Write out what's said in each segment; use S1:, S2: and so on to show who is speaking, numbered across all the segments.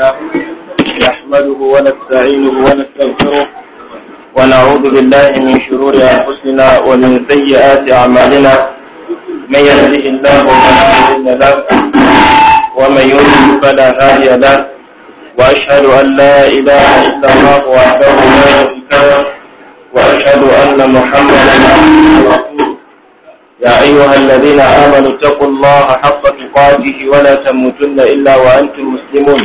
S1: نحمده ونستعينه ونستغفره
S2: ونعوذ بالله من شرور
S1: أنفسنا ومن سيئات أعمالنا من يهده الله ومن يضلل له ومن يضلل فلا هادي له وأشهد أن لا إله إلا الله وحده لا شريك له وأشهد أن محمدا عبده يا أيها الذين آمنوا اتقوا الله حق تقاته ولا تموتن إلا وأنتم مسلمون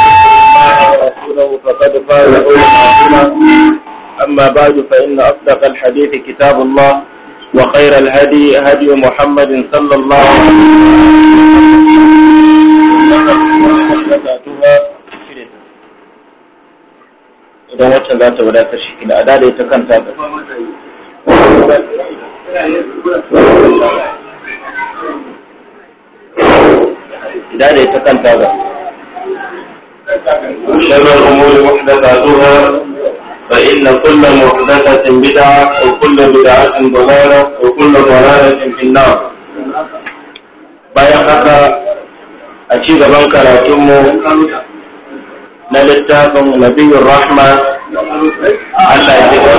S1: يأكله فقد قال قولا أما بعد فإن أصدق الحديث كتاب الله وخير الهدي هدي محمد صلى الله عليه وسلم idan wacce za ذات ولا shi kila a dada ita kanta ta وشر الأمور محدثاتها فإن كل محدثة بدعة وكل بدعة ضلالة وكل ضلالة في النار bayan haka a ci gaban karatunmu na littafin nabiyun rahma Allah ya jika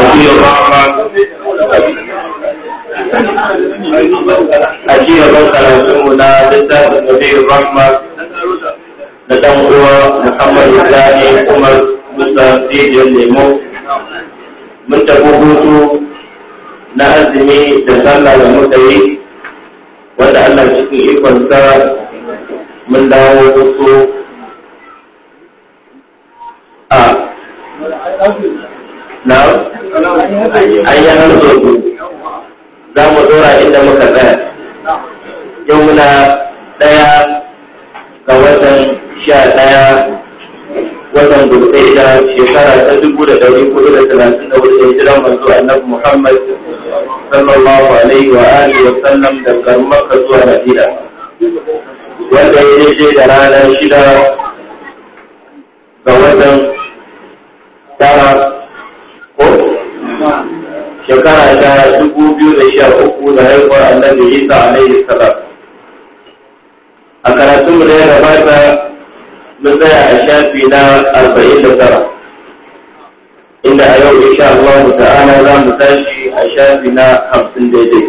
S1: nabiyun a ci gaban karatunmu na littafin nabiyun rahma na dan uwa da ne kuma Musa Rijiyar Lemo. Mun tafi hutu na azumi da sallah da muka yi wanda Allah cikin ikonsa mun dawo su a na ayyana zoto za mu dora inda muka tsaya yau muna ɗaya ga watan sha ɗaya watan da shekara ta dubu da ɗari kudu da talatin da wuce hijiran manzo annabi Muhammad sallallahu alaihi wa alihi wa sallam da Makka zuwa Madina wanda ya je da rana shida ga watan tara ko shekara ta dubu biyu da sha uku da haihuwar annabi Isa alaihi salam أكراتم لي ربابة مدى عشان في دار أربعين دكرة إلا أيو إن شاء الله تعالى لا متاشي أشان في دار خمسين ديدي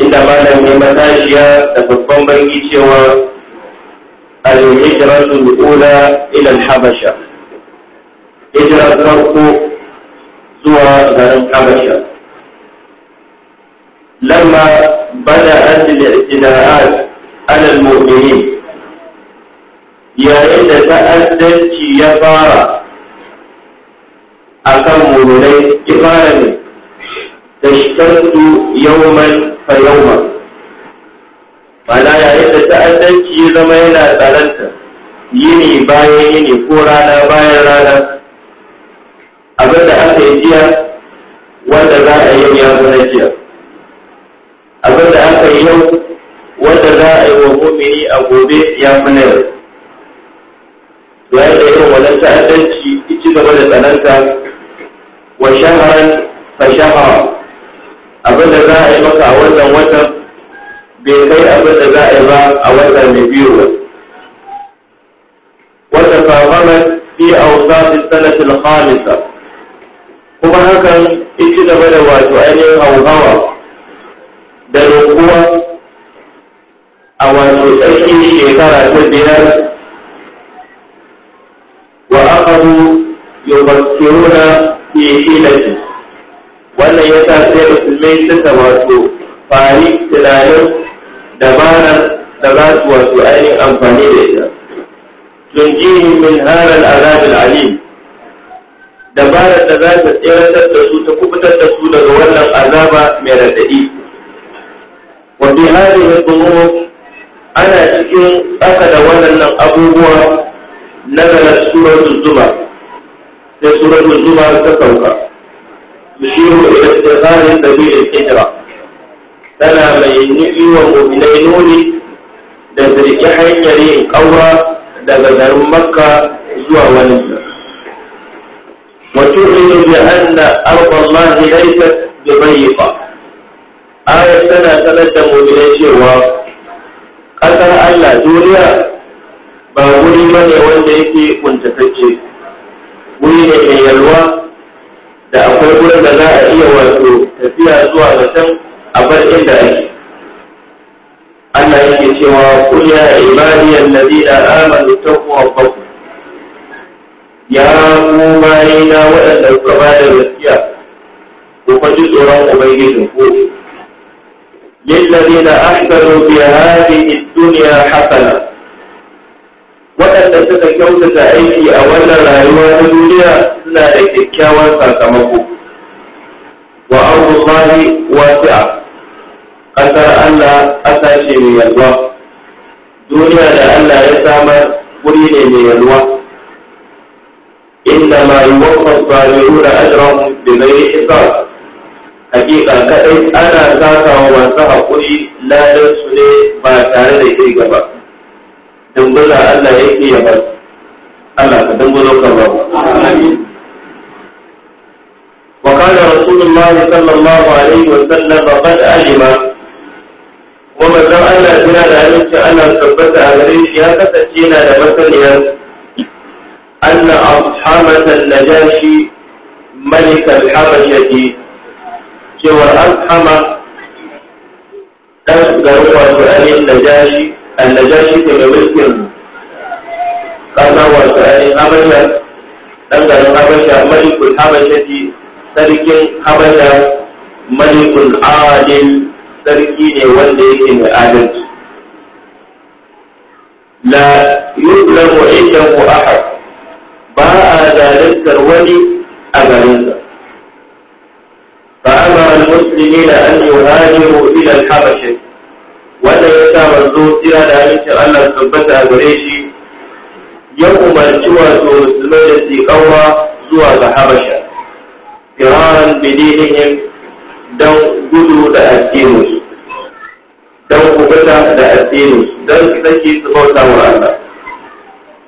S2: إن ما لم يمتاشي
S1: تفضل بنجيش و الهجرة الأولى إلى الحبشة هجرة ربو زورة غير الحبشة لما بدأت الاعتداءات على المؤمنين yayin da ta'addanci ya fara a kan mummunai kifara ne da shikarsu yauman fa yauman mana yayin da ta'addanci ya zama yana tsaranta yini bayan yini ko rana bayan rana abinda aka yi jiya wanda za a yi ya na jiya abin da aka yi yau wanda za a yi wa mumini a gobe ya fi na yau ya da irin wannan ta'addanci ci gaba da tsananta wa shaharan fa shahara abin da za a yi maka a wannan watan bai kai abin da za a yi ba a watan mai biyu ba wata fahimar fi awsafis sanatil khamisa kuma hakan ci gaba da wato ainihin hauhawa da rukuwa a wato tsarki shekara ta biyar wa akaru yubakkiruna na shi? wannan ya sa sai musulmai suka wato fari tunanin dabarar da za su wato ainihin amfani da ita tunjihim min harar azabin alim dabarar da za ta tsira da su ta kubutar da su daga wannan azaba mai raɗaɗi wafi hadihi dhuruf ana cikin tsaka da waɗannan abubuwa nazarar suratul zuba sai suratul zuba ta sauka bishiru ila da dabi'il hijra tana mai nufi wa mu'minai nuni da zirki hanyar yin ƙaura daga garin makka zuwa wani وتؤمن بأن أرض الله ليست بضيقة ayar tana sanar da mu'minai cewa ƙasar Allah duniya ba wuri ne wanda yake kuntatacce wuri ne mai yalwa da akwai wurin da za a iya wato tafiya zuwa ga can a bar inda ake Allah yake cewa qul ya ibadiyal ta amanu taqwa ya ku na waɗanda suka ba da gaskiya ko fa tsoron ubangijin ko للذين أحسنوا في هذه الدنيا حسنة waɗanda suka kyautata aiki a wannan rayuwa ta duniya suna da kyakkyawan sakamako wa wasu a ƙasar Allah ƙasashe mai yalwa duniya da Allah ya samar guri ne mai yalwa inda ma yuwaffa sabiruna ajrahum da ghairi hisab hakika kadai ana saka wa haƙuri ladan su ne ba tare da kirga ba dangula Allah ya ke ya basu Allah ka dangulo ka ba wa kana rasulullah sallallahu alaihi wa sallam qad alima wa manzon Allah yana da aminci ana tabbata a gare shi ya kasance yana da masaniyar anna ashabatan najashi malik al cewar kama ɗan gari wato ainihin najashi annajashi da mai mulkin ƙasa wato ainihin habasha ɗan garin habasha malikul habasha ji sarkin habasha malikul adil sarki ne wanda yake mai adalci la yuzlamu indahu ahad ba a zalantar wani a garinsa فأمر المسلمين أن يهاجروا إلى الحبشة Wannan ya sa manzo tsira da halittar Allah tabbata a gare shi ya umarci wato musulmai da su kaura zuwa ga Habasha firaran bidinihim don gudu da addinin don kubuta da addinin don su sake su bauta wa Allah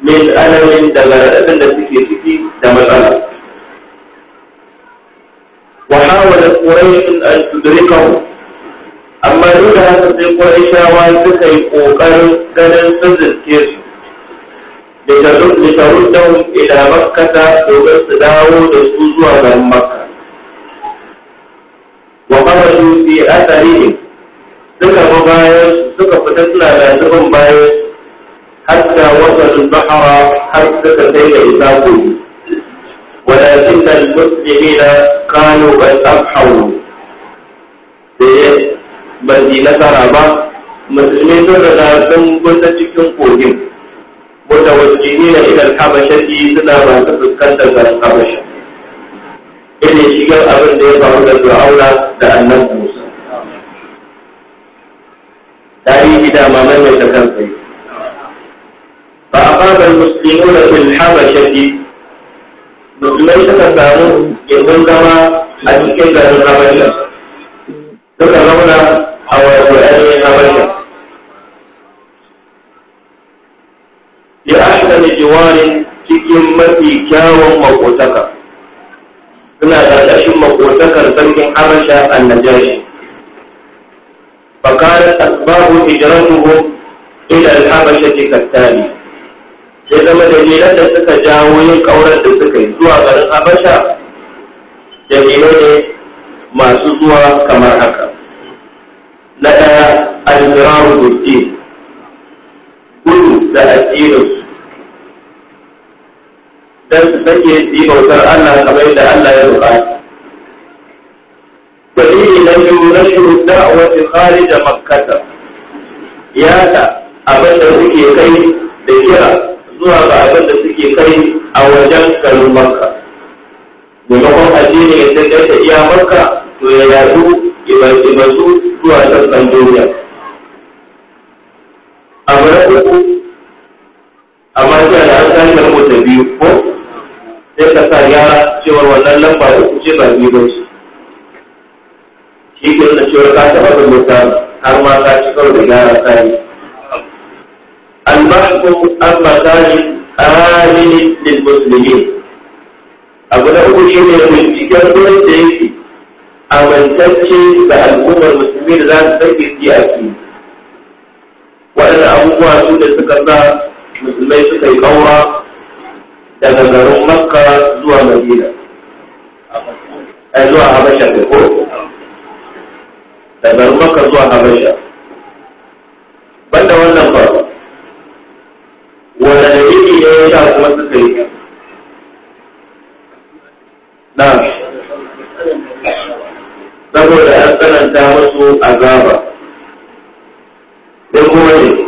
S1: min alamin daga raɗaɗin da suke ciki da matsala وحاولت قريش أن تدركه amma duk da haka sai ƙwarishawa suka yi ƙoƙarin ganin sun zirke su da sharun dahun ila makkata domin su dawo da su zuwa garin makka wa kharaju fi atharihim suka bi bayan suka fita suna lazibin bayan hatta wata bahara har suka kai da isa kogi ولكن المسلمين كانوا بل أبحوا ban yi nasara ba musulmi sun riga sun gusa cikin kogin wata wasu ne na idan habasha ji suna masu fuskantar garin habasha ina shigar abin da ya faru da fir'auna da annan musa tarihi da mamaye ta kansa ba a fadar musulmi da fil habasha ji musulmai suka samu yankin zama a cikin garin habasha suka zauna a wato ainihin habasha bi ahsani jiwarin cikin mafi kyawun makotaka suna ƙarƙashin makotakar sarkin habasha annajashi فقالت أسباب هجرتهم إلى الحبشة كالتالي ya zama dalilan da suka jawo yin kaurar da suka yi zuwa garin habasha dalilai ne masu zuwa kamar haka na ɗaya alfiraru dutse gudu da su. don su sake yi bautar Allah kamar da Allah ya roƙa dalili na biyu na shiru da'awar tsari da makkata ya ta abin da suke kai da kira zuwa ga abin da suke kai a wajen garin makka maimakon addini ya ta da iya makka to ya yadu ibasu zuwa kan duniya abu na uku amma sai da an sani da mota biyu ko sai ka sa gyara cewar wannan lamba da kuce ba biyu ba ce shi ke nuna cewar ka taɓa da mota har ma ka ci karo da gyara sani المحكم أم مكان آمن للمسلمين abu na uku shine binciken gurin da yake amintacce da al'ummar musulmi da za su sake siyasi waɗanda abubuwa su da suka sa musulmai suka yi ƙaura daga garin makka zuwa madina a zuwa habasha da ko daga garin makka zuwa habasha banda wannan ba wanda da yake ne ya sha kuma suka yi na saboda an tsananta musu azaba da kuma ne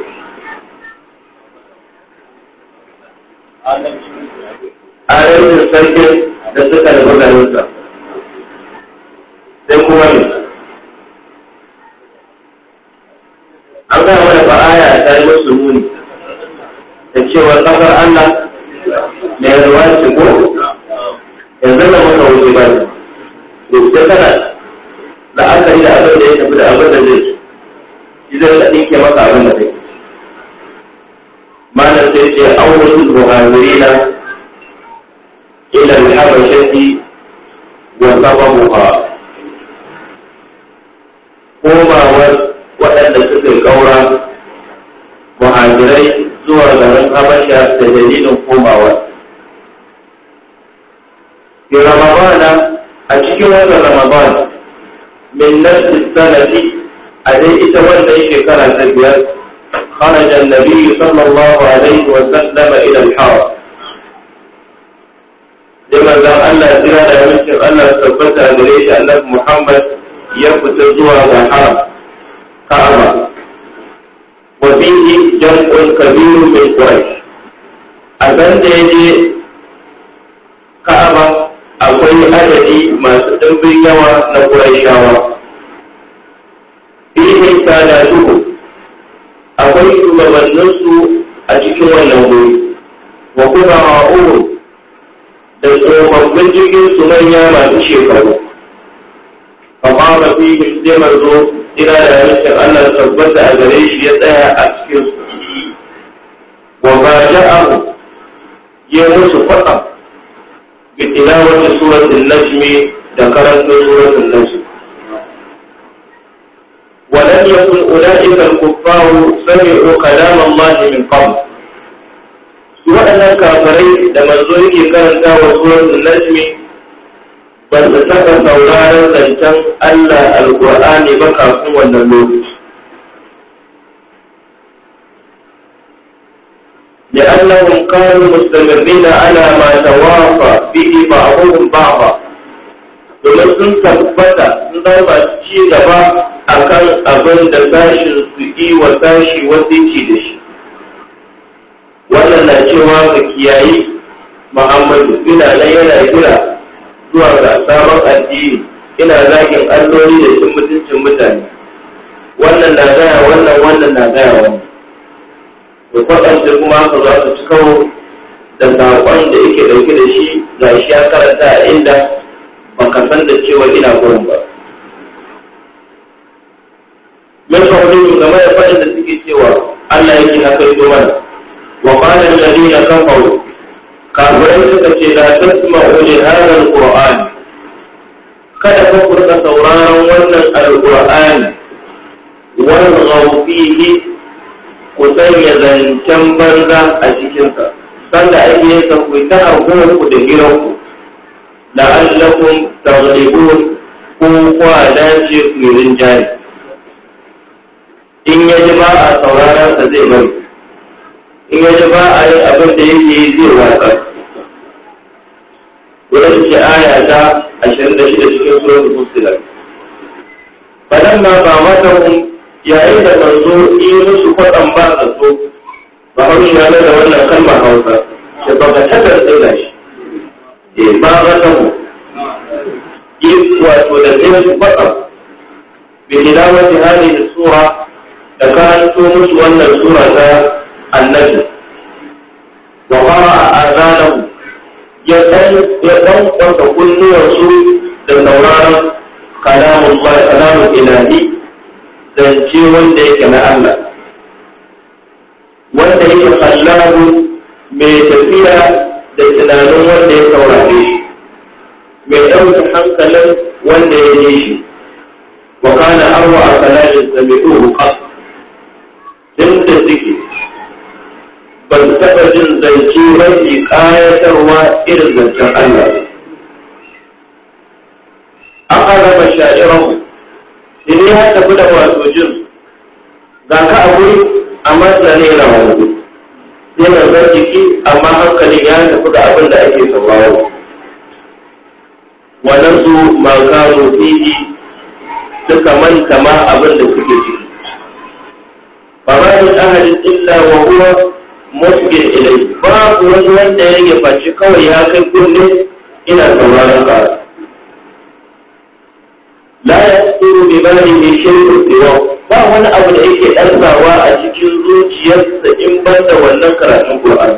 S1: adalcin sarkin da suka da magarinsa sai kuma ne an gaya da ba ta yi musu muni cewa kafar Allah da ya zuwa ce ko yanzu da muka wuce ba ne to ta kana da aka yi da abin da ya tafi da abin da zai ci zai da ɗinke maka abin da zai malam sai ce auren muhazirina ila al-habashati wa sababuha wa waɗanda suka kaura muhajirai zuwa garin habasha da dalilin komawa bi ramadana a cikin wannan ramadan min nafsi sanadi a dai ita wannan shekara ta biyar خرج النبي صلى الله عليه وسلم إلى الحرم لما ذا الله تعالى يمكن أن ثبت أن ليش أنه محمد يفتزوا على الحرم كعبة وفيه جمع كبير من قريش أبن ديدي كعبة akwai adadi masu ɗimbin yawa na ƙuraishawa. Bihin na duhu, akwai shugabanninsu a cikin wannan wuri, wa kuma ma'uru da tsofaffin cikin su manya masu shekaru. Kama mafi himdimar zo ina da rikin Allah tabbata a gare shi ya tsaya a cikin su wa ba ja'ahu ya musu faɗa bi tilawati suratun najmi da karanta suratun najmi ولم يكن أولئك الكفار سمعوا كلام الله من قبل سواء kafirai da manzo yake karanta wa suratul najmi ban da sauraron zancen Allah alƙur'ani ba kafin wannan lokaci. لأنهم كانوا مستمرين على ما توافى به بعضهم بعضا domin sun tabbata sun zama ci gaba a kan abin da sashin su yi wa wasu wasiki da shi wannan na cewa ka kiyaye muhammadu ina yana gira zuwa ga sabon addini ina zagin alloli da cin mutuncin mutane wannan na gaya wannan wannan na gaya wannan da kwaɗance kuma haka za su ci kawo da saƙon da yake ɗauke da shi ga shi ya karanta a inda ba san da cewa ina gurin ba. Min kawai game da fadin da suke cewa Allah yake na kai mana wa ƙwanan da na kafaru kafirai suka ce la tasma'u li hadha alquran kada ku kurka sauraron wannan alqur'ani wal ne ku sanya zancen banza a cikinsa sanda ake yin sa ku ta ku da da la'allakum taghlibun ko kwa dace ku rinjaye in ya ji ba a sauraron sa zai bari in ya ji ba a yi abin da yake yi zai watsa wurin ce aya ta ashirin da shida cikin surat fusilar balan ma ba mata matahun yayin da manzo yi musu kwaɗan ba a so ba hau yana da wannan kalmar hausa da ba ka taɓa tsira shi e eh, ba matahun yi wato da zai su kwaɗan bi tilawati hali da sura da karanto musu wannan sura ta annabi wa fara azanahu ya dan ya dan kwanta kunnuwar su da sauraron kalamun kalamun ilahi zance wanda yake na Allah wanda yake kallahu mai tafiya da tunanin wanda ya saurare shi mai ɗauki hankalin wanda ya yi shi wa kana arwa a kalamin sami'uhu qas tun da ziki ban taɓa jin zance mafi ƙayatarwa irin zancen Allah. Aka raba sha'iran da ne ya tafi da wato jin ga ka a wuri amma tsane yana wani yana zan jiki amma hankali ya tafi da abin da ake sauraro. Wannan su ma gano fiye suka manta ma abin da suke ciki. Ba ma yin ahadin illa wa huwa musgin ilai babu wani wanda ya rage face kawai ya kai kunne ina sauraron ka la yasuru bi balihi shay'un siwa ba wani abu da yake ɗarsawa a cikin zuciyarsa in ban da wannan karatun Qur'ani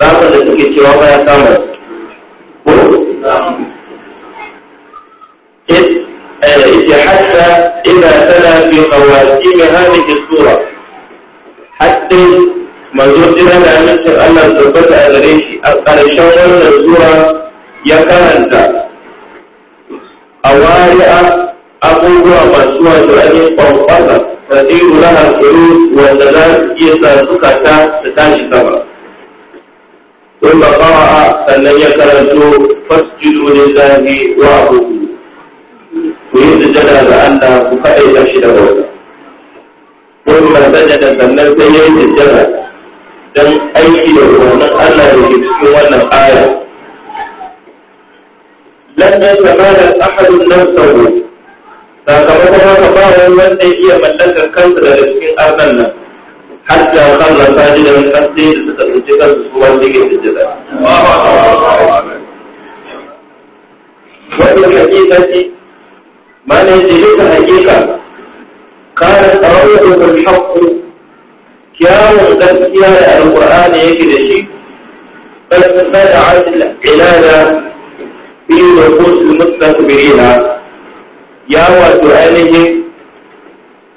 S1: ba ka da suke cewa ba ya samu ko إذ حتى إذا تلا في خواتيم هذه السورة haɗin manzo ina da amincin Allah tabbata a gare shi a ƙarshen wannan zuwa ya karanta a wari'a abubuwa masu wato ainihin ƙwanƙwasa da tsiru na kuru wanda za su iya sa ta su tashi sama. ثم a sannan ya karanto fasjudu lillahi wa abudu ku yi jada da Allah ku kaɗai shi da bauta sun masanya da sannan sai ya yi sujjada don aiki da wannan Allah da ke cikin wannan aya. Lannan zama da ahadun nan sauro, sakamakon haka ba wani wanda iya mallaka kansa daga cikin arnan nan. Har da kan lantarki da kasance da suka tsinci kansu su wanda ke sujjada. Wannan hakikati, mana yake duka hakika قالت رأيه بالحق كيام غسيا القرآن يجد شيء فاستفادعت العلالة في نفوس المستكبرين يا وسؤاله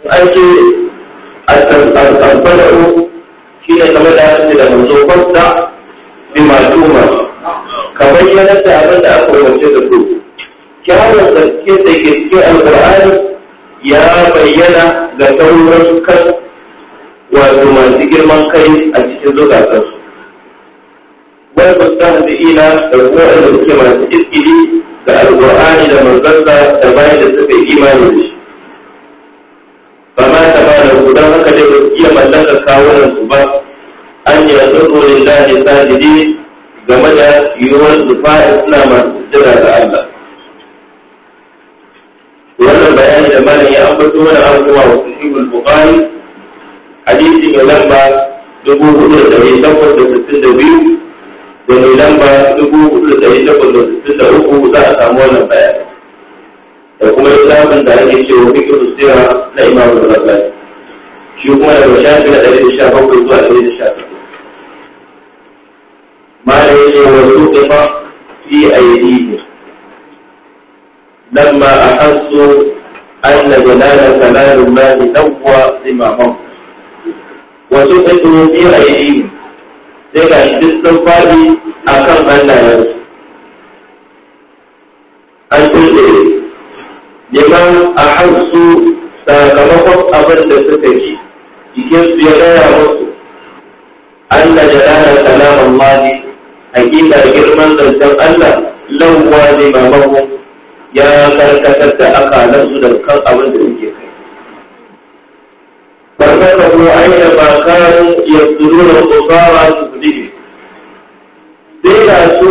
S1: أجل الصدق شيء كما لا أنزل منذ بما تومر كبينت أبدا أقول وجدته كان غسيا تكد القرآن ya bayyana ga sauran kan wato masu girman kai a cikin zukatansu wani musamman ina da kuma da suke masu iskili da alƙur'ani da manzansa da bayan da suka yi imani da shi ba ma ta ba da ku don haka dai ba su iya mallaka kawunan su ba an yi rasu tsorin lahi sajidi game da yiwuwar su fa'a suna masu jira da Allah wannan bayani da malam ya ambato mana an kuma wa sahihul bukhari hadisi mai lamba dubu hudu da dari takwas da sittin da biyu da mai lamba dubu hudu da dari takwas da sittin da uku za a samu wannan bayani da kuma littafin da ake cewa fikin sira na imamu da rabbi shi kuma daga shafi na ɗari da sha bakwai zuwa ɗari da sha takwas malam ya ce wa su ɗima fi aidihim لما أحسوا أن جلال كلام الله دوى ذمامهم وسقطوا في أيديهم sai ga shi duk sun faɗi a kan hannayensu. An tuɗe, neman a hansu sakamakon abinda da suka ji, ya gaya musu, an da jalalar kalaman wani, hakika girman zancen Allah, lauwa ne mamakon ya karkatar da akalansu daga kan abin da yake kai فكتبوا أين ما كانوا يبذلون القصارى تفديه بلا su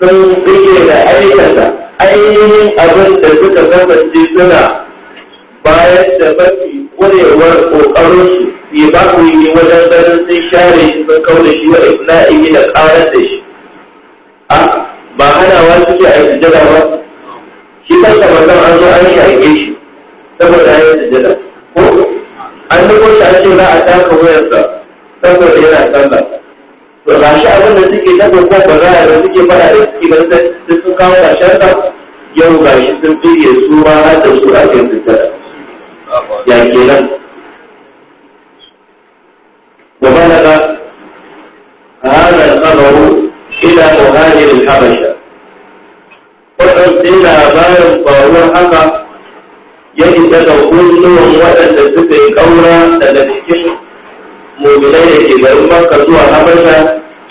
S1: sun rike da aikata ainihin abin da suka kasance suna bayan da mafi ƙwarewar ƙoƙarinsu ya ba ku yi wajen ganin sun share shi sun kauna shi wa ibna'i da karar da shi a ba hanawa suke a yi ba shi ta manzon an zo an shaƙe shi saboda ya yi sujada ko an yi shi a ce za a taka wayarsa saboda yana sallah to ba shi abin da suke ta ko ba za a da suke fara da suke ganin sai sun kawo a sa yau ba shi sun ya su ma har da su a kan sujada ya ke nan. وبلغ هذا الخبر إلى مهاجر الحبشة waɗansu labarin faruwar haka ya isa da kunnuwan waɗanda suka yi ƙaura daga cikin mubinai da ke garin maka zuwa habasha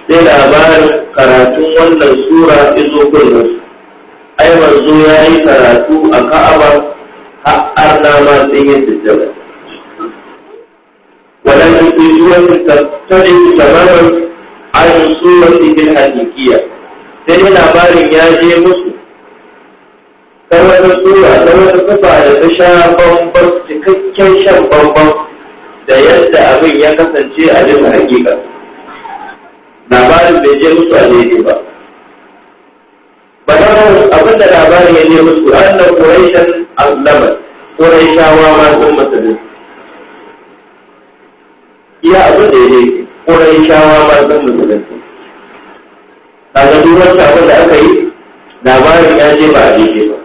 S1: sai labarin karatun wannan sura izo kunnan ai manzo ya yi karatu a ka'aba har na ma sun yi tattare su يجوز تبتعد تماما عن صورته sai سيدنا labarin ya je musu. ta suya sura ta da ta sha bambam cikakken shan bambam da yadda abin ya kasance a jin hakika labarin bai je musu a daidai ba bayan abin da labarin ya je musu an da ƙuraishen alamar ƙuraishawa ma sun musulun iya abin da ya je ƙuraishawa ma sun musulun kaga ga wata abin da aka yi labarin ya je ba a daidai ba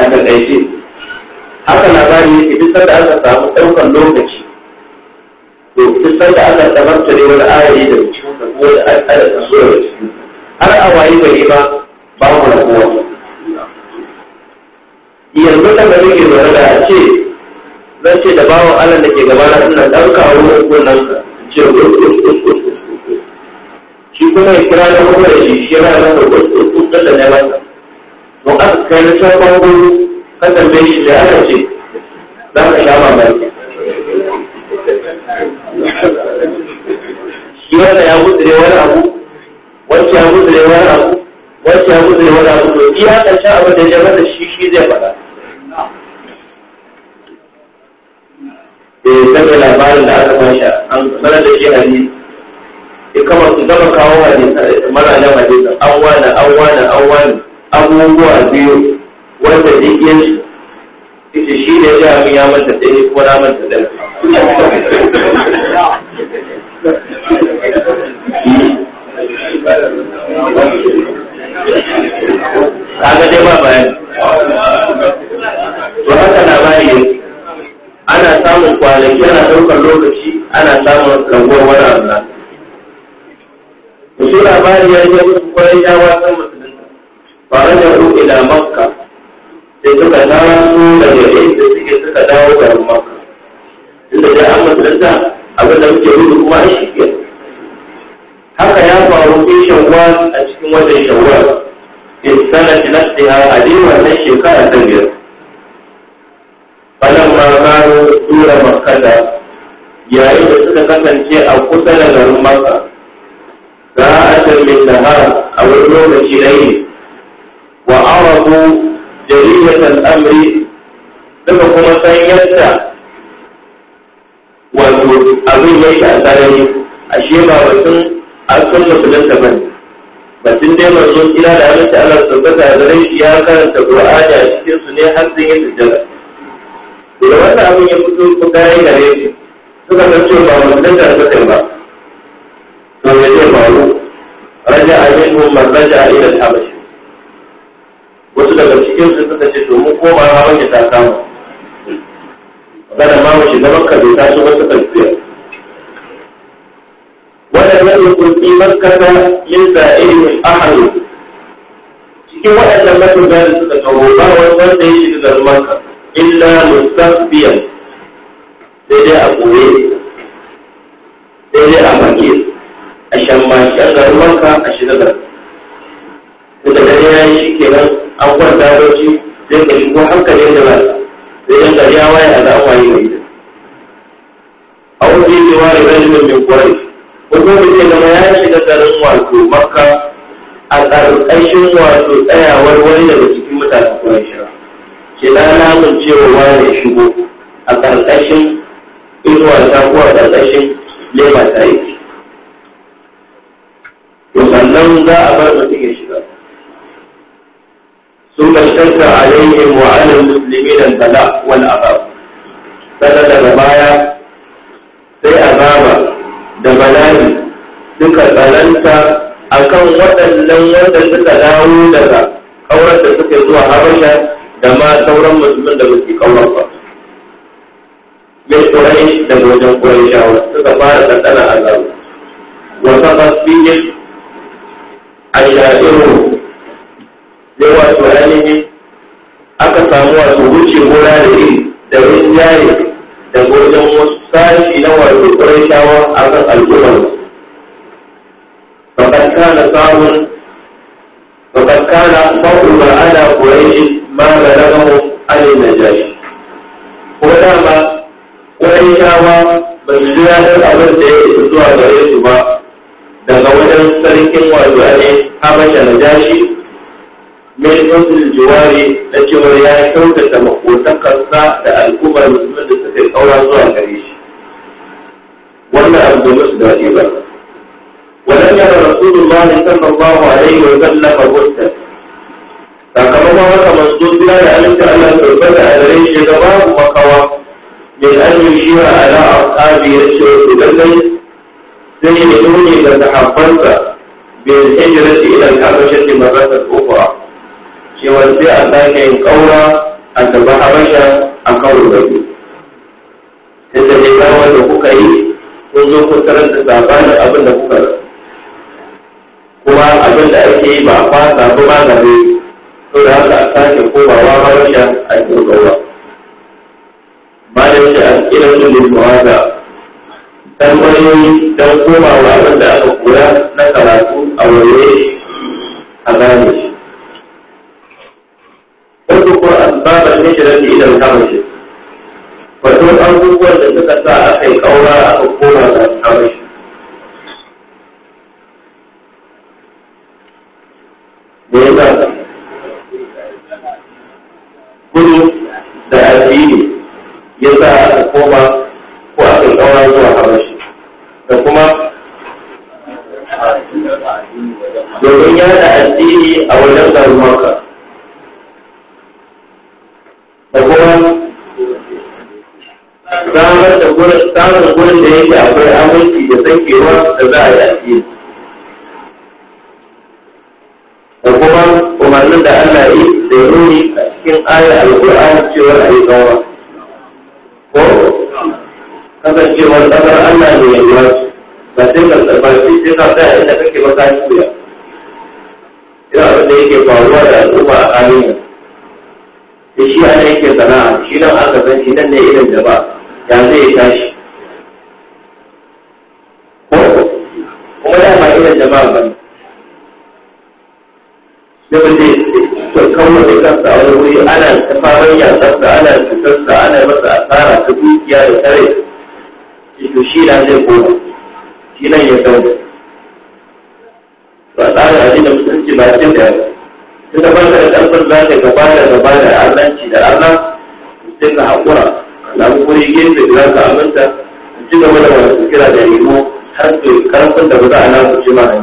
S1: a takaice haka labari yake duk sanda aka samu ɗaukan lokaci to duk sanda aka tsamarta ne wani ayari da cikin ka ko da an tsara kaso da cikin har a waye gari ba ba mu da kowa yanzu da muke zaune da ce zan ce da bawan Allah da ke gabana suna ɗauka a wurin kunan ce shi kuma ya kira da wani shi yana da wani da ne ba Mu aka kai na can bango ka tambaye shi da aka ce za ka sha mamaki
S2: shi wannan ya gutsure wani abu
S1: wacce ya gutsure wani abu wacce ya gutsure wani abu to iya ƙarshen abin da ya masa shi shi zai faɗa eh, bai daga labarin da aka bashi an sanar da shi hadisi ya eh, kama su gama kawo hadisi mara nan a hadisi an wani an wani an wani abubuwa biyu wanda duk ya su ita shi da ya abin ya manta da ya kuma na manta
S2: da
S1: Kaga dai ba bayan. To haka na bayan ana samun kwanaki ana ɗaukar lokaci ana samun raguwar wani abu na. Musu labari ya yi wasu kwayan ya wasan فرجعوا إلى مكة لتبقى ناس مجرين لتبقى تتداوى إلى مكة إذا جاء مثلنا أبدا مجرين كما أشكي haka ya faru fi shawwal a cikin watan shawwal in sana fi nafsiha a dai wannan shekara ta biyar falan ma gano tura makkada yayin da suka kasance a kusa da garin makka za a tarbe sahara a lokaci na yini wa arabu jariyatan amri suka kuma san yadda wato abin ya yake a a ashe ba batun asun musulunta ba ne batun dai mazun ina da aminci Allah sabbata da rai shi ya karanta Qur'ani a cikin su ne har sun yi sujjada to da wannan abin ya fito ko gare gare shi suka san cewa ba musulunta da kai ba to ya ce ba raja'a minhum man raja'a ila al-habashi wasu daga cikin su suka ce to mu koma ma wani ta samu magana ma mu na makka bai taso wasu ɗaukiya wannan nan yakun fi makka ta yin sa'irin ahalu cikin waɗannan matuƙa da suka kawo ba wani wanda ya shiga garin makka illa mustafiyan sai dai a koye sai dai a make a shan shi a garin makka a shiga garin. Kuka da ya yi kenan an kwanta bacci zai ka shigo hankalin da ba sai yan gari ya waye a zan waye mai a wani zai ware mai min kwari wani da ke zama ya shiga garin wato makka a ƙarƙashin wato tsayawar wani daga cikin kuma shi ke na namun cewa wani shigo a ƙarƙashin inuwa ta ko a ƙarƙashin lema ta yi sannan za a bar mutum ya shiga
S2: ثم اشتد عليهم وعلى
S1: المسلمين البلاء والعذاب sada daga baya sai azaba da bala'i suka tsananta a kan waɗannan wanda suka dawo daga ƙaurar da suka zuwa habasha da ma sauran musulmin da suke ƙaurar ba min kurai da wajen kurai shawa suka fara tsantsana azaba wata fasfijin a sha'iru yawa tsoron ne aka samu wato wuce gora da yi da rinjaye da gojen wasu sashi na wato ƙarshawa a kan al'ummar bakanta na samun bakanta na da ana kuwa yi ma ga ragamu ale na jari ba, dama ƙarshawa ba su jira da abin ya fi zuwa gare su ba daga wajen sarkin wato ne a bakanta na jari من وزن الجوار الجوار يا شوكة مقبول تقصى تألكم المسلمين لسكر أولا زوال كريش ولا أبد مسدى إبا ولم يرى رسول الله صلى الله عليه وسلم فبسته فكما ما هو مصدود لا لأنك أن تربط أدري جدبا ومقوى من أن يشير على أصحابي يشير في بلدي سيئنوني إذا تحفظت بالهجرة إلى الحبشة مرة أخرى cewa sai a sake yin ƙaura a tafi habasha a kawo baki yadda ne dai da kuka yi kun zo kun tarar da sabanin abin da kuka kuma abin da ake yi ba a fasa ba ba da ne to da haka a sake komawa habasha a cikin ƙaura ba da yadda a cikin ilimin muwaza tambayoyi don komawa abin da aka kura na karatu a wani a gane shi اذكر أسباب الهجرة إلى الحبشة فتون abubuwan da suka sa a yi a da da ya sa kudu da addini ya sa a koma ko zuwa da kuma domin yada addini a wajen garin samun gurin da yake akwai aminci da ruwa da za a yi da kuma umarnin da Allah yi da ya nuni a cikin ayar alƙur'ani cewa a yi tsawa ko kasancewar ƙasar Allah ne ya yi ba sai ka tsarfa shi sai ka tsaya inda kake ba ka ci ya ina abin da yake faruwa da al'umma a halin da shi ana yake sana'a shi nan aka san shi nan ne irin da ba ya zai tashi wa'annan jama'a ba ne wanda to kawo da kansa a wani wuri ana ta faran yatsarsa ana cutarsa ana masa asara ta dukiya da tare to shi na zai koma shi nan ya kawo ba a abin da mutunci ba cin da ta tabbatar da ɗanfar za ta gaba da gaba da arnanci da arna sai ka haƙura Na samu wuri gefe da za ka aminta ci gaba da wani kira da nemo karfe karfin da ba za a nasu jima nan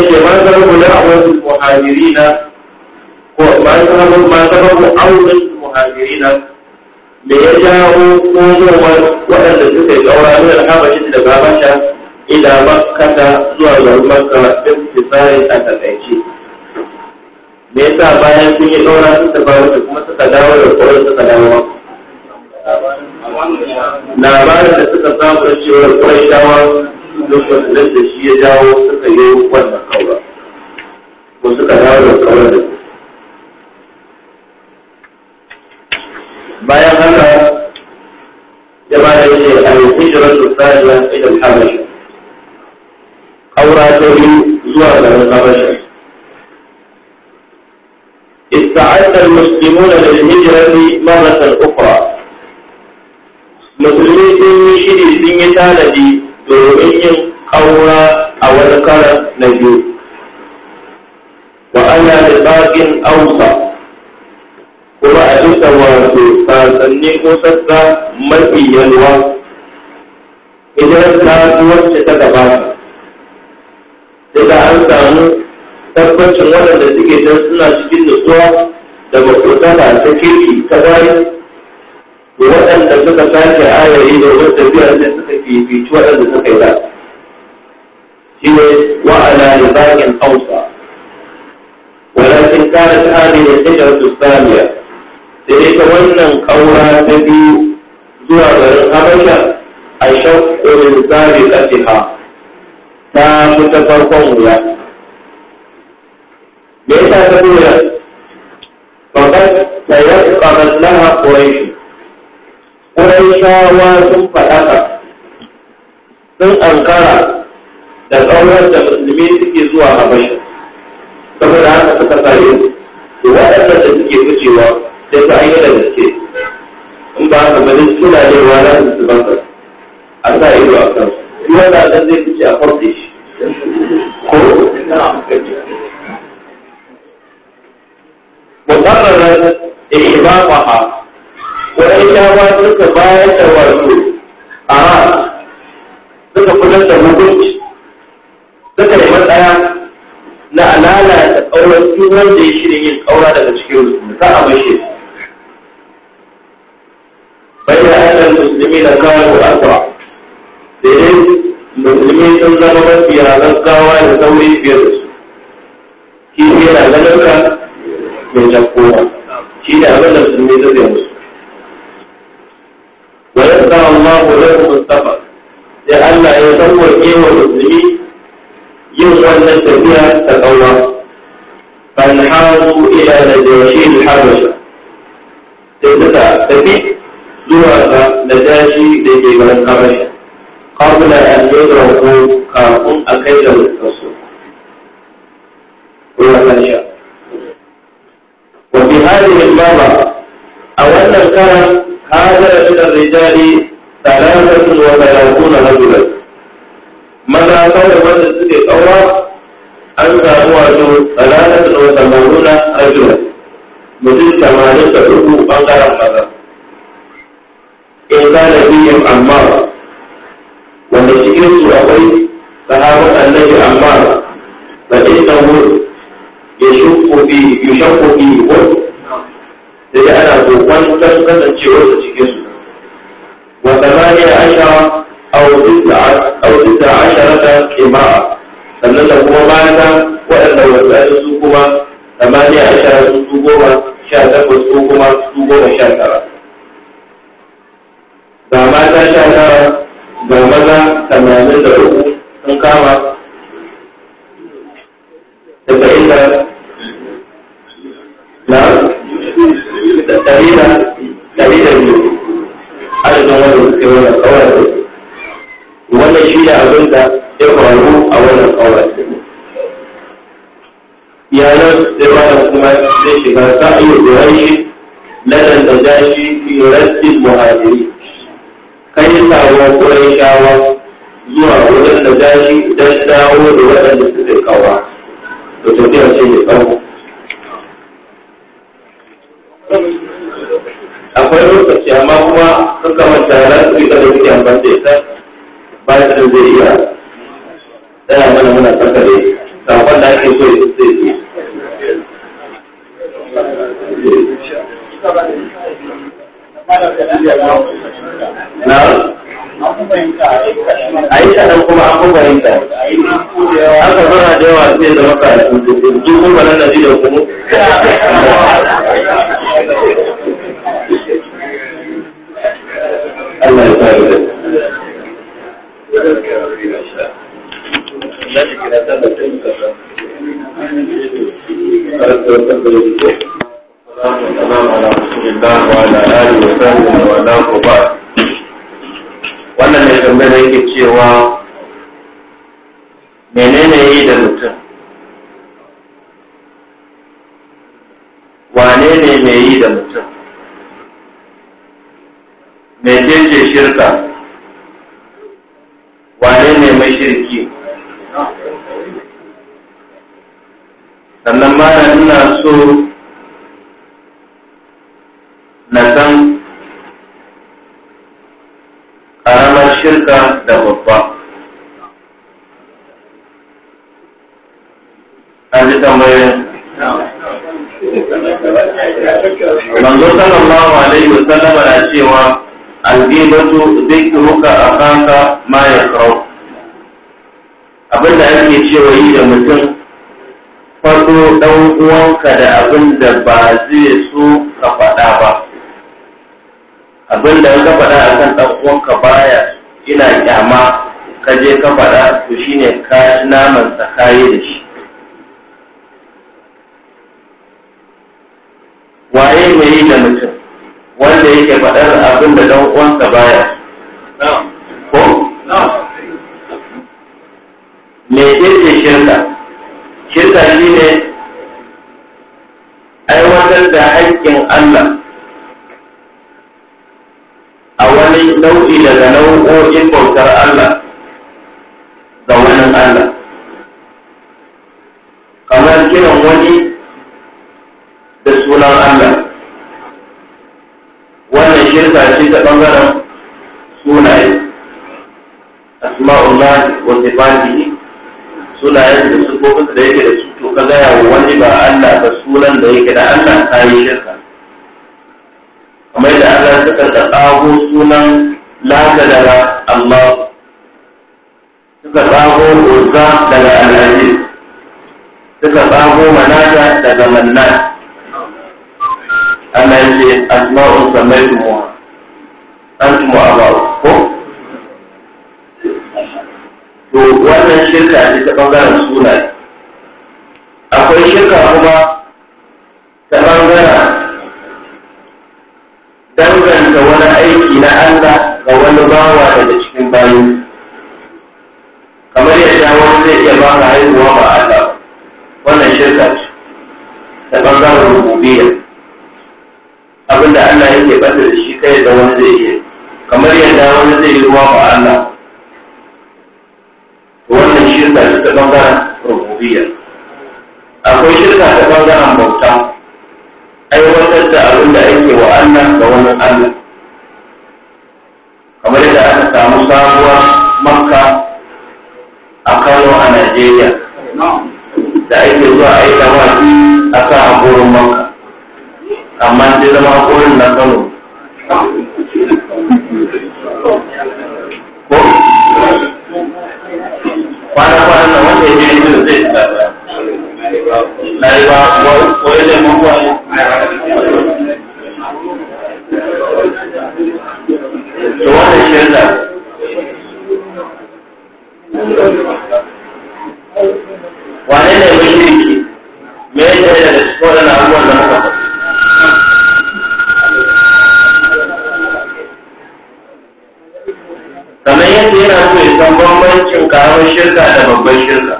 S1: ci ma zarabu na ko ma zarabu ma zarabu me ya jawo kowar waɗanda suka yi ƙaura min alhabashin da babasha ila makkata zuwa garin makka da su tsari a takaice me yasa bayan sun yi ƙaura suka ba kuma suka dawo da kawai suka dawo labarin da suka samu da cewar kwarai dawa lokacin da shi ya jawo suka yi wannan kaura ko suka dawo da kaura da su bayan haka ya ba da yake a yi hijirar tsariya idan habashi kaura ta yi zuwa garin habashi استعد المسلمون للهجرة مرة أخرى musulmi sun yi shiri sun yi tanadi domin yin kaura a wani karan na biyu wa ana da bakin ausa kuma a duka wato sassanni ko sassa mafi yalwa idan wacce ta gabata daga an samu tabbacin waɗanda suke can suna cikin nutsuwa da makwata ta kirki ta gani waɗanda suka sake ayayi da wajen tafiya da suka fifici waɗanda suka yi ba shi ne wa'ala da bakin hausa walakin kare ta hali da tashar tusaniya da ita wannan kaura ta biyu zuwa garin habasha a shakkurin zabi ƙasiha ta fi ta farkon wuya me yasa ta wuya fakat da ya ƙarar laha ƙwarai shawa sun faɗaɗa sun ankara da ƙaunar da musulmi suke zuwa Habasha saboda haka suka tsare da waɗanda da suke gujewa sai su ayyana da ke in ba haka ba duk suna da wa na su ka a sa ido a kan shi wanda zai fice a farce shi ko da ihbamaha ƙwarai suka bayan da wato a suka kudar da hukunci suka yi matsaya na alala da ƙaurar duk wanda ya shirin yin ƙaura daga cikin musulmi za a bashe bayan annal musulmi na kawo asuwa da yin musulmi sun zama mafiya gaggawa da sauri fiye da su kifi yana da ka mai jakkowa shi ne abin da musulmi zai musu wa yasra Allah lakum safar sai Allah ya sauwaƙe wa musulmi yin wannan tafiya ta kaura fan hazu ila najashi al-habasha sai suka tafi zuwa ga da ke garin habasha qabla kafin a kai da mutasu وفي هذه اللحظة أولا كان هاجر من الرجال ثلاثة وثلاثون رجلا maza kawai wanda suke kawa an samu wato talatin da wata maruna ajiyar mutum tamanin da uku bangaren maza in kana biyan amma wanda cikin akwai sahabar annabi amma da ɗin da mu ya sai da ana roƙon kan kasancewar su cikin su wa tsamaniya ashara aw ke asharata a sannan da kuma ta waɗanda wasu ayi su kuma tsamaniya ashara su su goma sha takwas ko kuma su goma sha tara ga mata sha tara ga maza tamanin da uku sun kama da fahimtar na ɗari da ɗari biyu adadin wanda suka yi wannan ƙaurace wannan shi da abin da ya faru a wannan ƙaurace
S2: iyalan sai wannan kuma zai shiga sa'ayi da rashi
S1: na dandaga shi fi rassin muhajiri kai sawo kurai shawa zuwa wajen da gashi don dawo da waɗanda suka kawa da tafiya ce mai tsawo akwai lokaci amma kuma suka manta za su da suke da ita ba shi zai iya
S2: tsaya mana muna tsaka da sakon ake so ya zai
S1: yi na a yi kuma an kuma ta aka zana da yawa sai da maka duk kuma nan da da kuma Allah ya fara da wannan ne tambaya yake cewa menene yi da mutum wane ne mai yi da mutum mecece shirka wane ne mai shirki sannan mana ina so na san ƙaramar shirka da babba an ji tambayoyin manzo sallallahu alaihi wasallam na cewa الغيبة a أخاك ما يكره Abinda da ake cewa yi da mutum faɗo ɗan uwanka da abin da ba zai so ka faɗa ba abinda ka faɗa akan ɗan uwanka baya ina kyama ka je ka to shine ka naman tsakaye da shi waye mai yi da mutum wanda yake faɗar abin da dan uwansa baya ko me yake shirka shirka shine aiwatar da haƙƙin Allah a wani nau'i daga nau'o'in bautar Allah ga wani Allah kamar kiran wani da sunan Allah wannan shirka ce ta bangaren sunaye asma'ullah wa sifatihi sunaye da su kofin da yake da su to ka gaya wa wani ba Allah ba sunan da yake da Allah ta yi shirka kamar da Allah ta karka tsago sunan lata daga Allah suka tsago uzza daga alhaji suka tsago manata daga mannata Allah yake asma'un samaitumuha antum aba'ukum to wannan shirka ce ta bangaren sunaye akwai shirka kuma ta bangaren danganta wani aiki na Allah ga wani bawa daga cikin bayan kamar yadda wani zai iya ba ka haihuwa ba Allah wannan shirka ce ta bangaren rububiyya abin da Allah yake bata da shi kai da wani zai iya kamar yadda wani zai yi ruwa ba Allah wannan shirka shi ta bangaren rububiyya akwai shirka ta bangaren bauta aiwatar da abin da ake wa Allah da wani Allah kamar yadda aka samu sabuwa makka a Kano a Najeriya da ake zuwa a yi a kan a makka
S2: amma ce zama kurin na kano ko kwanakwanan na wanda ya yi zai yi ba zai mabuwa ne
S1: to wanda wane ne mai shirki me ya shirya da shi da na abubuwan kamar yadda yana so ya san bambancin karamar shirka da babban shirka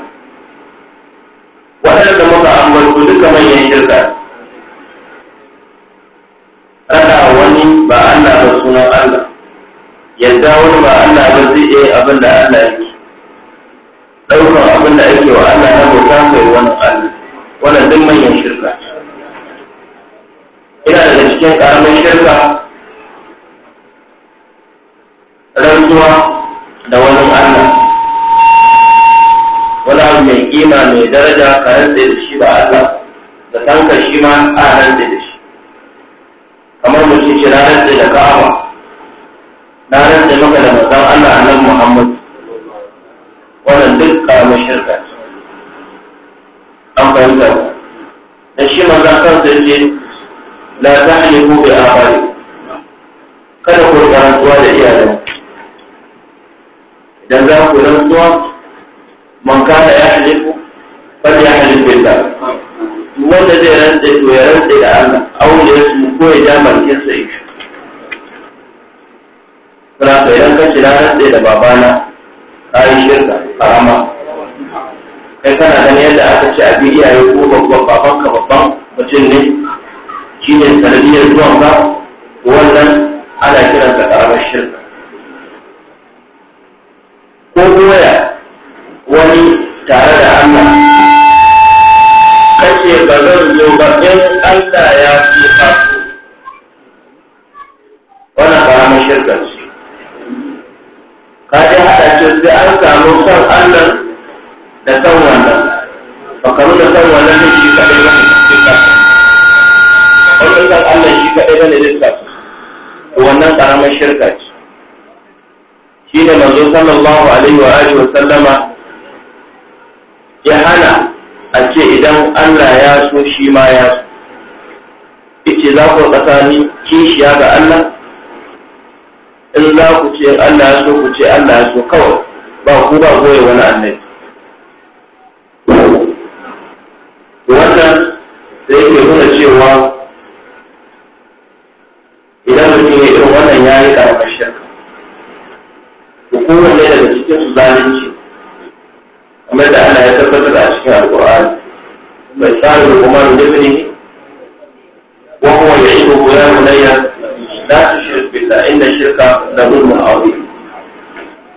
S1: waɗanda muka ambato duka manyan shirka ana wani ba Allah ba sunan Allah yadda wani ba Allah ba zai iya abin da Allah yake ɗaukar abin da ake wa Allah na bauta kai wani Allah wannan duk manyan shirka ina da cikin ƙaramin shirka rantsuwa da wani Allah wani abu mai kima mai daraja ka rantsa da shi ba Allah da tanka shi ma a rantsa da shi kamar mutum ce na rantse da ka'aba na rantse maka da mazan Allah a nan Muhammadu, wannan duk karamin shirka an fahimta da shi mazan kansa ce la ta yi bi a kada ku rantsuwa da iyalanku dan za ku rantsuwa man kana ya halifu fal ya halifu billah wanda zai rantsa to ya rantsa da Allah aure ya su ko ya ja markin sa yake
S2: kana ka idan ka kira rantsa
S1: da babana kayi shirka karama kai kana ganin yadda aka ce a iyaye ko babban babanka babban mutum ne shi ne sanadiyar zuwan ka wannan ana kiransa karamar shirka ko goya wani tare da Allah kake ba zan zo ba in Allah ya fi fasu Wani ba mu shirka ce kaje hada ce sai an samu san Allah da san wannan ba kamu da san wannan ne shi kaɗai ba ne shi wannan son Allah shi kaɗai ba ne ne fasu wannan ƙaramar shirka ce shi da manzo sallallahu alaihi wa alihi wa sallama ya hana a ce idan Allah ya so shi ma ya so yace za ku tsakani kishiya ga Allah in za ku ce Allah ya so ku ce Allah ya so kawai ba ku ba goye wani annabi wannan sai ke cewa
S2: idan mutum ya irin wannan ya yi
S1: ƙarfashin kowanne daga cikin su zalunci kamar da Allah ya tabbatar a cikin alƙur'ani Mai tsara da kuma da dabini wa huwa ya'idu ya bunayya la tushrik billah inna shirka la zulmun azim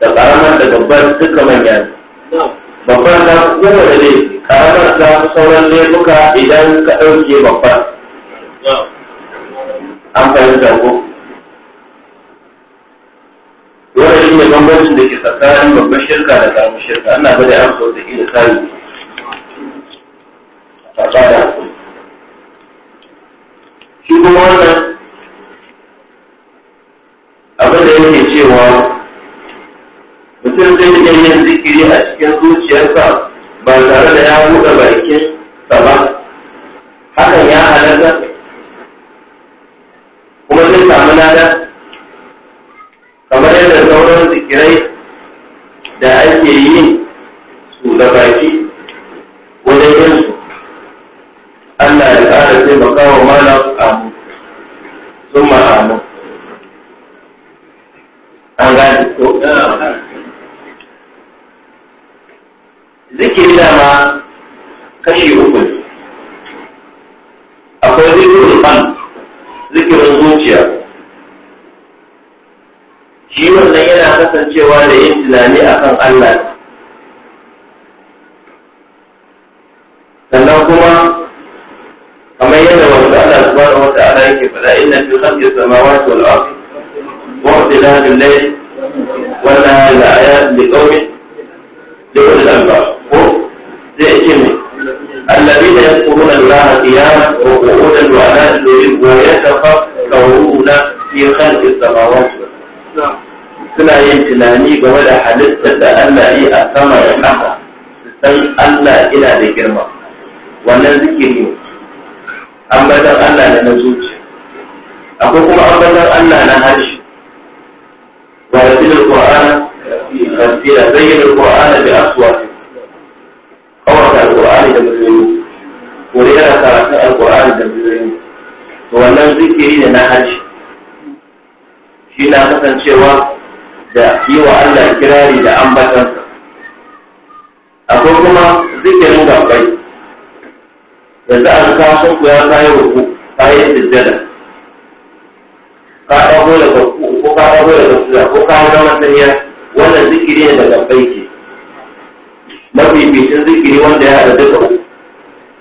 S1: da karamar da babbar duka manya ne babbar da kowa da dai karamar da sauran laifuka idan ka ɗauke babbar an fahimta ko dole shi ne bambancin da ke tsakanin babban shirka da karamin shirka ana ba da amsa wata kila tsari a tsada shi kuma wannan abin da yake cewa mutum zai iya yin zikiri a cikin zuciyarsa ba tare da ya buɗe bakin sa ba hakan ya halatta kuma zai samu lada ake yi su da baki wajen yansu Allah ya ƙara taimaka wa mana Allah sannan kuma kamar yadda wanda Allah subhanahu wa ta'ala yake faɗa inna fi khalqi samawati wal ardi wa ikhtilafi al-layli wan nahari la ayatin liqaumin yaqul al-albab ko zai ce mai الذين يذكرون الله قياما وقعودا وعلى جنوبهم ويتفكرون في خلق السماوات والارض suna yin tunani game da halittar da da girma wannan zikiri ne ambatan Allah na na zuci. akwai kuma ambatan Allah na harshe wa rasulul qur'ana tafsira zayyana qur'ana bi aswati Al-Qur'ani da musulmi ko yana karatun alqur'ani da musulmi to wannan zikiri ne na harshe shi na kasancewa da yi wa Allah kirari da ambatansa akwai kuma zikirin mu da za a ka sun ku ya kayi ruku ka yi sujjada ka ɗago da ku ko ka ɗago da gabku ko ka yi wannan sanya wannan zikiri ne da bai ke mafificin zikiri wanda ya da duka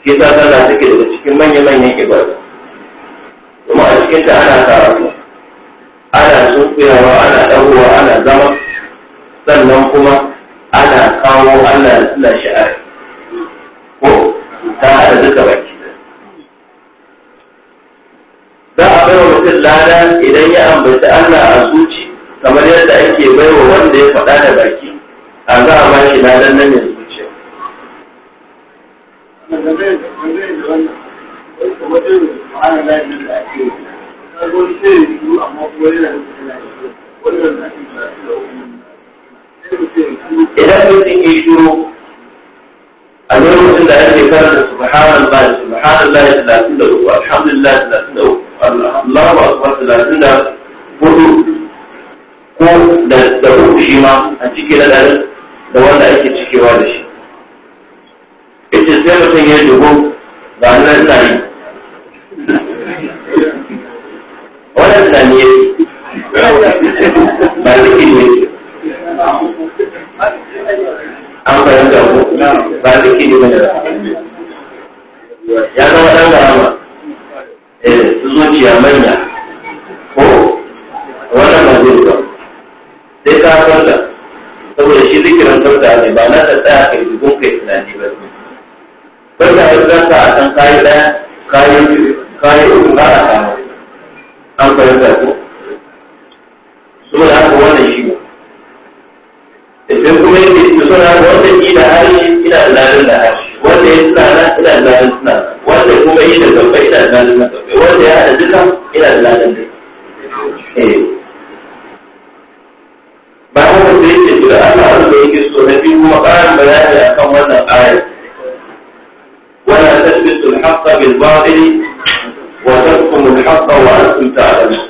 S1: ke ta da da take daga cikin manya-manyan ba kuma a cikin ta ana karatu ana sunkuyawa ana ɗagowa ana zama sannan kuma ana kawo Allah suna sha'ari ko ta haɗa duka baki za a bai wa mutum lada idan ya ambaci Allah a zuci kamar yadda ake bai wa wanda ya faɗa da baki a za a ba shi ladan nan ya zuciya. Idan mutum ke shuru a lokacin da ake karanta subhanallah subhanallah 33 alhamdulillah 33 Allahu akbar 34 ko da da uku shi ma a cike da da wanda ake cikewa da shi yace sai mutum ya dubo ga nan da yi wannan da ne ba zikiri ne
S2: an fahimta ko ba zikiri bane ba
S1: ya zama dan garama eh zuciya manya ko wannan ba zai ba sai ka fanta saboda shi zikirin fanta ne ba na ta tsaya kai dubun kai tunani ba fanta ya zanta a kan kayi daya kayi kayi uku ba a kama an fahimta ko saboda haka wannan shi ne suna wanda ki da hali ina da lalin da hali wanda ya suna na ina da lalin suna wanda kuma yi da gaba ina da lalin na gaba wanda ya haɗa duka ina da lalin da eh. ba haka sai ce da Allah abin da yake so na biyu kuma ƙarin bayani akan wannan ayar wala tasbitu al-haqqa bil batil wa tadkumu al-haqqa wa antum ta'lamun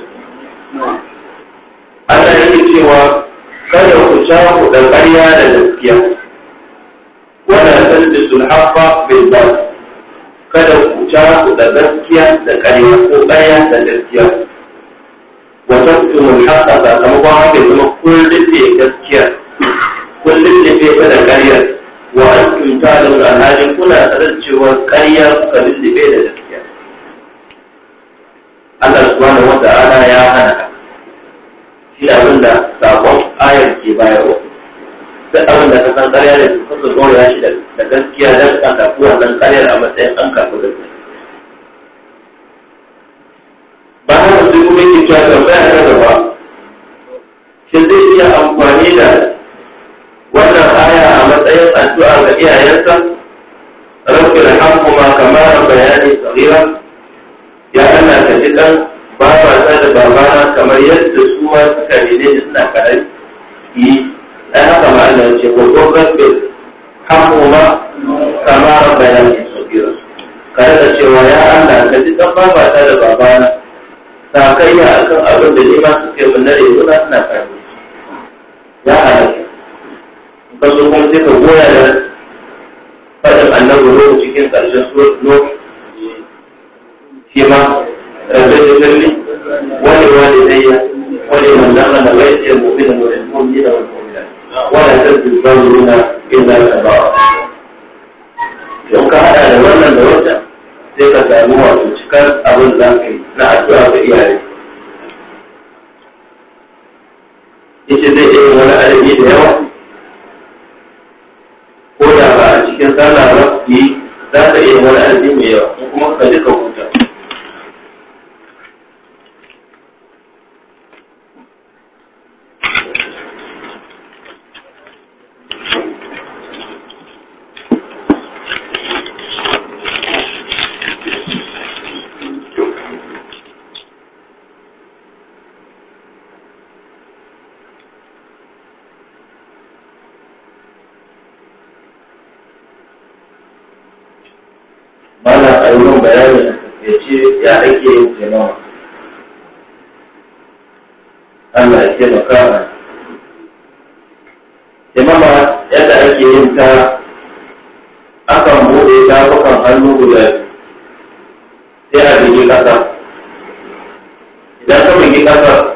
S1: Allah yake cewa kada ku ku da ƙarya da gaskiya wala talbisu al-haqqa bil batil kada ku ku da gaskiya da ƙarya ko ƙarya da gaskiya wa tasbihu al-haqqa ba ku kuma kullum ne gaskiya kullum ne bai da ƙarya wa antum ta'lamun hadin kuna sanar cewa ƙarya kuka lullube da gaskiya Allah subhanahu wa ta'ala ya hana shi da abin da sakon ayar ke bayarwa duk abin da ka san ƙarya da kasa ya shi da gaskiya don a tafi wannan ƙaryar a matsayin an kafa su. ba haka sai kuma yake cewa bayar da gaba shi zai iya amfani da wannan aya a matsayin addu'a ga iyayensa rabbi rahamhuma kamar bayani tsira ya Allah ka ji dan ba sa sa da babana kamar yadda su ma suka rene ni suna kaɗan yi dan haka ma Allah ya ce ko ko gaske hakuma kamar bayan sabira kare da cewa ya Allah ka ji dan ba ta da babana ya akan abin da ni ma suke mun na rene na suna kaɗan ya Allah ka zo kuma sai ka goya da fadin annabi cikin ƙarshen surat nuh shi ma rabbi da sirri wani wani daya wani manzan Allah wai ce mu'min da mu'min da mu'min wala tazil zawruna illa al-ba don ka hada da wannan da wannan sai ka samu wato cikar abin da ka yi na addu'a ga iyaye yace zai iya wani adadi da yawa ko da ba a cikin sallah ba yi za ta iya wani adadi mai yawa kuma ka duka huta ya ake yin jama'a Allah ya taimaka mana jama'a yadda ake yin ta akan buɗe shafukan hannu guda sai a jirgi ƙasa idan ka bugi ƙasa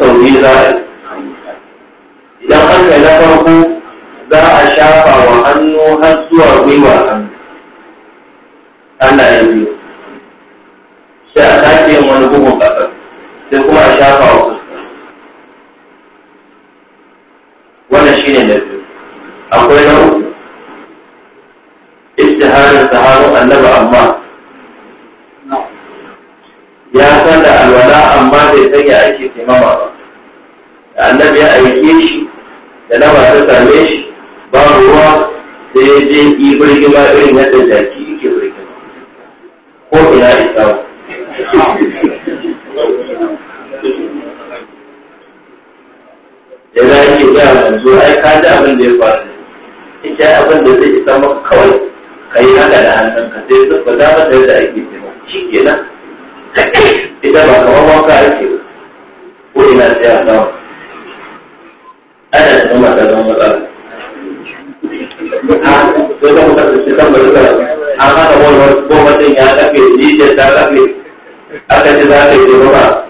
S1: sau za a yi idan an kai na farko za a shafa wa hannu har zuwa gwiwa hannu ana yin biyu sai a sake yin wani bugun ƙasa, sai kuma a shafa wa fuska wannan shine na biyu akwai na uku Istiharin saharu annaba amma alwala amma bai san ya ake taimama ba da annabi ya aike shi da na ta same shi ba ruwa da ya je yi birgima irin yadda jaki yake birgima ko ina ya samu da za a ke gaya manzo ai ka ji abin da ya faru in ji abin da zai isa maka kawai ka yi haka da hannunka sai ba za ka da yadda ake taimako shi kenan
S2: ita ba kamar wanka
S1: ake ko ina sai a ana da ta zama matsala an wani ya kafe ta kafe aka za ka yi ba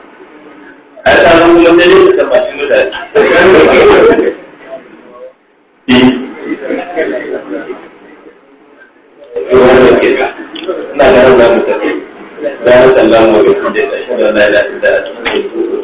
S1: a yi tsarin da ne ta tabbaci mutane eh. Ina ganin tafi.
S2: لا الله وبحمده أشهد أن لا إله
S1: إلا أنت